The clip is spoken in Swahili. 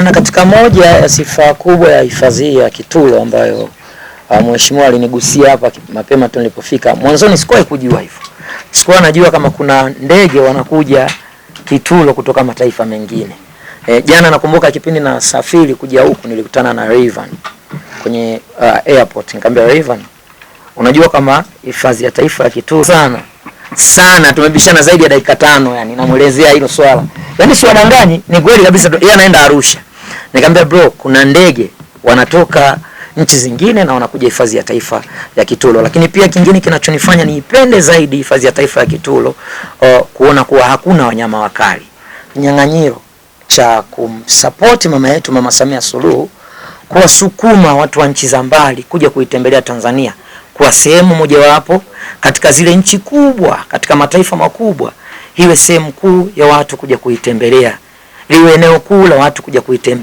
na katika moja ya sifa kubwa ya hifadhi ya Kitulo ambayo uh, mheshimiwa alinigusia hapa mapema tu nilipofika, mwanzoni sikuwahi kujua hivyo, sikuwa najua kama kuna ndege wanakuja Kitulo kutoka mataifa mengine. E, jana nakumbuka kipindi na safiri kuja huku nilikutana na Rayvan kwenye uh, airport nikamwambia Rayvan, unajua kama hifadhi ya taifa ya Kitulo sana sana tumebishana zaidi ya dakika tano yani, namwelezea hilo swala Yaani wadanganyi, ni kweli kabisa. Yeye anaenda Arusha. Nikamwambia bro, kuna ndege wanatoka nchi zingine na wanakuja hifadhi ya taifa ya Kitulo. Lakini pia kingine kinachonifanya niipende zaidi hifadhi ya taifa ya Kitulo uh, kuona kuwa hakuna wanyama wakali. Nyang'anyiro cha kumsupport mama yetu Mama Samia Suluhu kuwasukuma watu wa nchi za mbali kuja kuitembelea Tanzania kwa sehemu mojawapo katika zile nchi kubwa katika mataifa makubwa iwe sehemu kuu ya watu kuja kuitembelea, liwe eneo kuu la watu kuja kuitembelea.